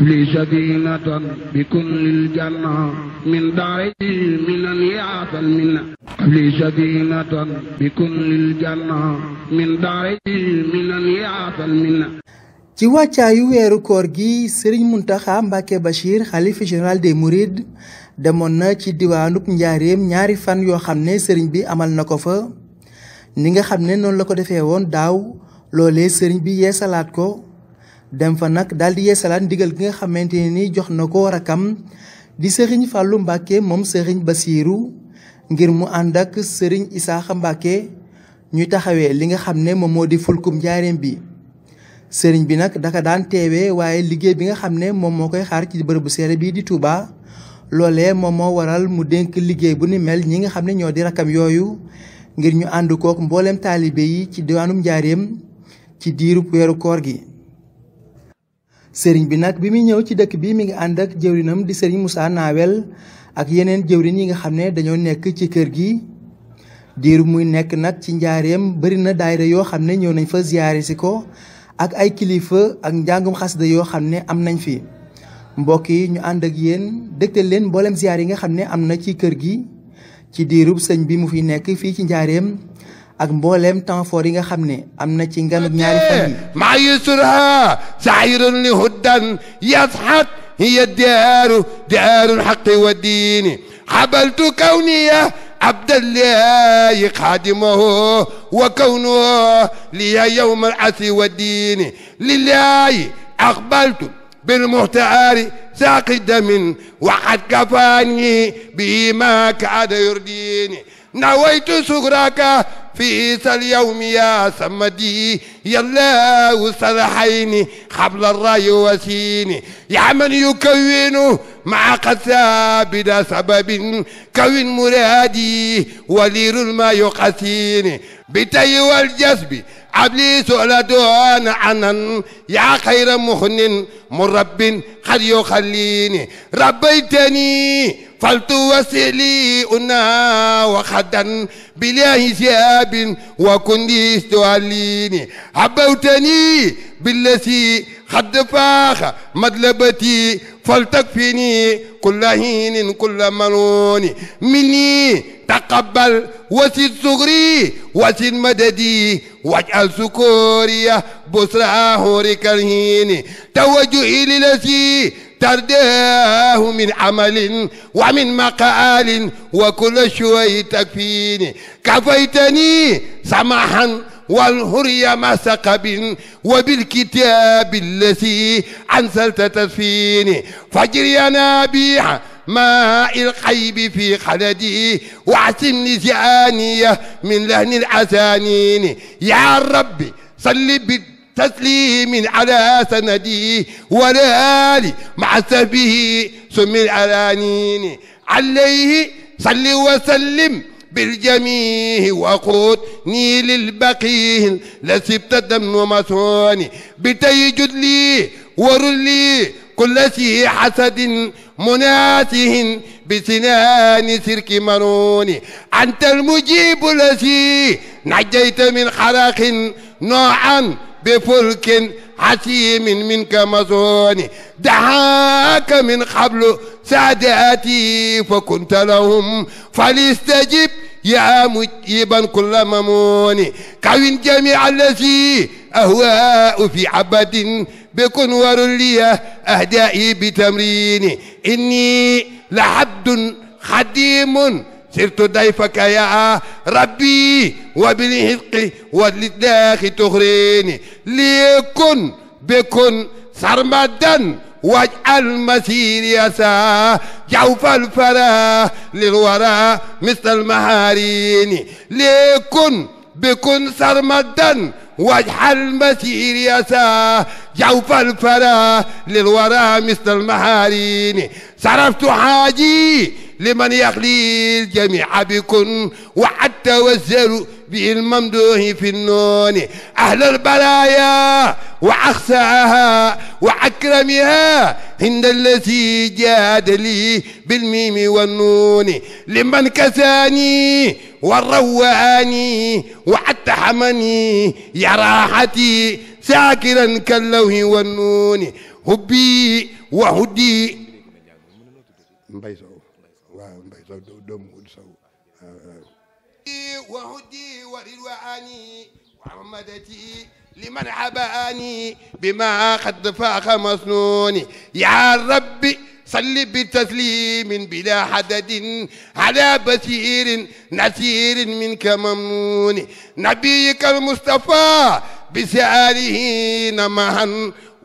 li safinatan ci wàccaayu weeru koor gi sëriñ Muntaxa Mbàkke Bachir xalifa général des Mourides demoon na ci diwaanub njaareem ñaari fan yoo xam ne sëriñ bi amal na ko fa ni nga xam ne noonu la ko defee woon daaw loolee sëriñ bi yeesalaat ko dem fa nag daal di yeesalaat ndigal gi nga xamante ne ni jox na ko rakam di sëriñ Fallou Mbacke moom sëriñ Basiiru ngir mu ànd ak sëriñ Isaaxa Mbacke ñu taxawee li nga xam ne moom moo di fulkum njaareem bi sëriñ bi nag daka daan teewee waaye liggéey bi nga xam ne moom moo koy xaar ci bërëbu seere bii di tuuba loole moom moo waral mu denk liggéey bu ni mel ñi nga xam ne ñoo di rakkam yooyu ngir ñu ànd kook mboolem taalibe yi ci diwaanum njaareem ci diirub weeru koor gi sëriñ bi nag bi muy ñëw ci dëkk bi mi ngi ànd ak jëwrinam di sëriñ Moussa Nawel ak yeneen jëwrin yi nga xam ne dañoo nekk ci kër gi diiru muy nekk nag ci njaareem bari na daayira yoo xam ne ñëw nañ fa ziyaare si ko ak ay kilifa ak njàngum xasida yoo xam ne am nañ fi mbokk yi ñu ànd ak yéen dëgtal leen mboolem ziyaar yi nga xam ne am na ci kër gi ci diirub sëñ bi mu fi nekk fii ci njaareem ak mbooleem temps fort yi nga xam ne am na ci nganub ñaari fan yi maa yusraha saayirun li huddan yasxat hiya diyaaru diyaarul xaqi wa diini xabaltu kawniya abdallahi xaadimahu wa kawnuhu liya yowma alasi wa diini lillahi aqbaltu بالمختار ساق دم وقد كفاني بما كاد يرديني نويت سكرك في إيسى اليوم يا سمدي يا الله سرحيني قبل الرأي وسيني يا من يكون مع قسى بلا سبب كون مرادي ولير ما يقسيني بتي والجسب عبلي سؤلدون عنا يا خير مخن مرب قد يخليني ربيتني فلتوسلي أنا وخدا بلاه ثياب وكني تعليني عبوتني بالذي خد فاخ مدلبتي فلتكفني كل هين كل منون مني تقبل وسد صغري وسد مددي واجعل سكوري بصرى هورك الهين توجهي للذي ترداه من عمل ومن مقال وكل شوي تكفيني كفيتني سماحا والهري ما سقب وبالكتاب الذي أنزلت تدفيني فجر ينابيع ماء القيب في خلدي واعسن لسانية من لهن الأسانين يا ربي صل بالدين تسليم على سندي ولالي مع سبه سم الأرانين عليه صل وسلم بالجميع وقود نيل البقيه لسبت دم ومثوني بتيجد لي ورلي كل ذي حسد مناته بسنان سرك منون أنت المجيب الذي نجيت من حرق نوعا بفلك عتيم منك مزون دعاك من قبل ساداتي فكنت لهم فليستجب يا مجيبا كل ممون كون جميع الذي أهواء في عبد بكن ور لي أهدائي بتمريني إني لعبد خديم سرت ضيفك يا ربي وبالحق والإصلاح تغريني ليكن بكن سرمدا واجعل مسيري يسا جوف الفرا للورى مثل المهارين ليكن بكن سرمدا واجعل مسيري يسا جوف الفرا للورى مثل المهارين صرفت حاجي لمن يخلي الجميع بكن وحتى وزلوا به الممدوح في النون أهل البلايا وأخساها وأكرمها عند الذي جاد لي بالميم والنون لمن كساني ورواني وحتى حمني يا راحتي ساكرا كاللوه والنون حبي وهدي waaw mbay saw doomu wut saw waaw وهدي ورلواني وعمدتي لمن عباني بما قد فاق مسنوني يا ربي صل بتسليم بلا حدد على بشير نسير منك ممنون نبيك المصطفى بساله نمها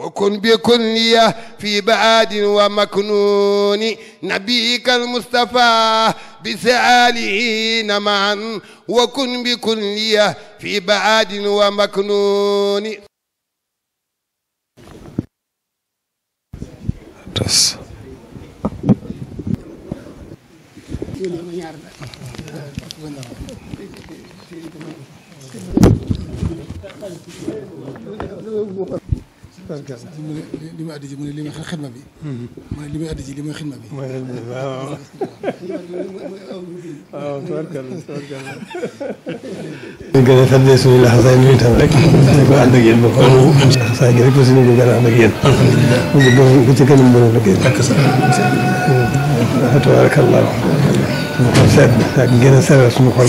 وكن بكنية في بعاد ومكنون نبيك المصطفى بسعالين معا وكن بكنية في بعاد ومكنون بس li muy addi ji mu ne li muy xidma bi. mu ne li muy addi ji li muy xidma bi. mooy waaw. waaw tubarkalla tubarkalla. ñu gën a sant suñu laxasaay ñu itam rek. di ko ànd ak yéen ba ko. laxasaay gi rek aussi ñu ngi gën a ànd ak yéen. alhamdulilah bu ci gën a mën a liggéey. ak sa waaw mm. tubarkalla. mu ko seet ak gën a seeral suñu xol.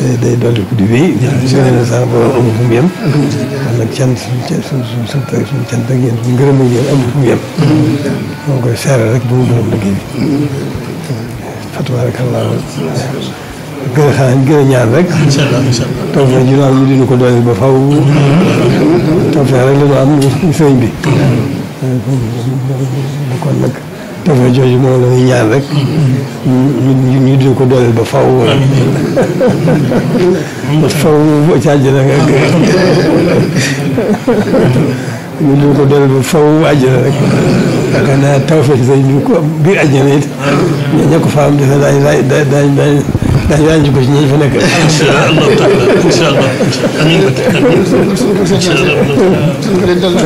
day day dolli ko di wéy. jërëjëf sax ba amul fu mu yem. kon nag cant suñu suñu sant ak suñu cant ak yéen suñu ngërëm ak yéen amul fu mu yem. moo koy seere rek ba mu gërëm liggéey bi. Fatma rek xam naa gën a xanaa gën a ñaan rek. incha allah incha allah toog na ñu am dina ko dolli ba faw. toog rek la ñu am sëñ bi. kon nag. dafa jooju moom la ñuy ñaan rek. ñu ñu ñu ko dooleel ba faaw. parce que faaw mu àjjana rek. ñu dul ko dooleel ba faaw mu àjjana rek. yaakaar naa taw bi biir àjjana it. ña ko fa am defe daañu daañu daañu ndax yaa ngi ko ci ñi fi nekk. incha allah incha allah amiin amiin. incha allah incha allah.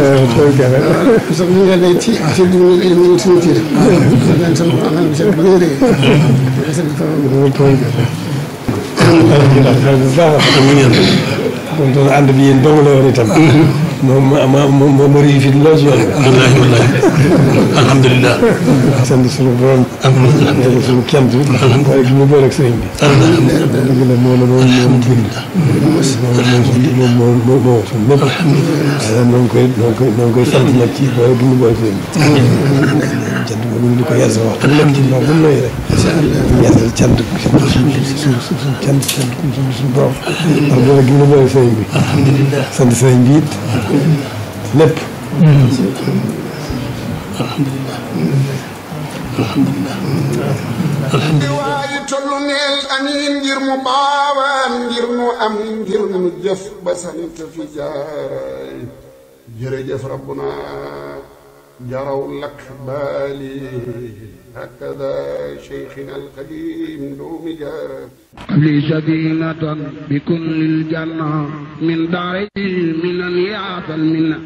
kon loolu ànd bi yéen dong la woon itam. moom ma ma ma ma réussite lool si wàllu. wallaahi wallaahi alhamdulilah. sant suñu borom. alhamdulilah sant suñu cant bi. alhamdulilah waaye ñu boole ak sëriñ bi. alhamdulilah dëgg la moom la moom moom bind. moom moom moom moom suñu lépp. alhamdulilah waaye noo ngi koy noo ngi koy noo ngi koy sant nag ci boole gi ñu boole sëriñ bi. ñu ngi ko yeesal waxtu bi nag ci a bëri sëriñ sant sëriñ bi it. lépp. alhamdulilah. alhamdulilah. alhamdulilah. tollu neel amiin ngir mu baawaan ngir am ngir mu jëf ba sant fi jaaraay jërëjëf rabbuna jaraw lak baali hakada cheikhina alqadim doomi jaar li sadinatan bi kun lil janna min daari minan yaatal minna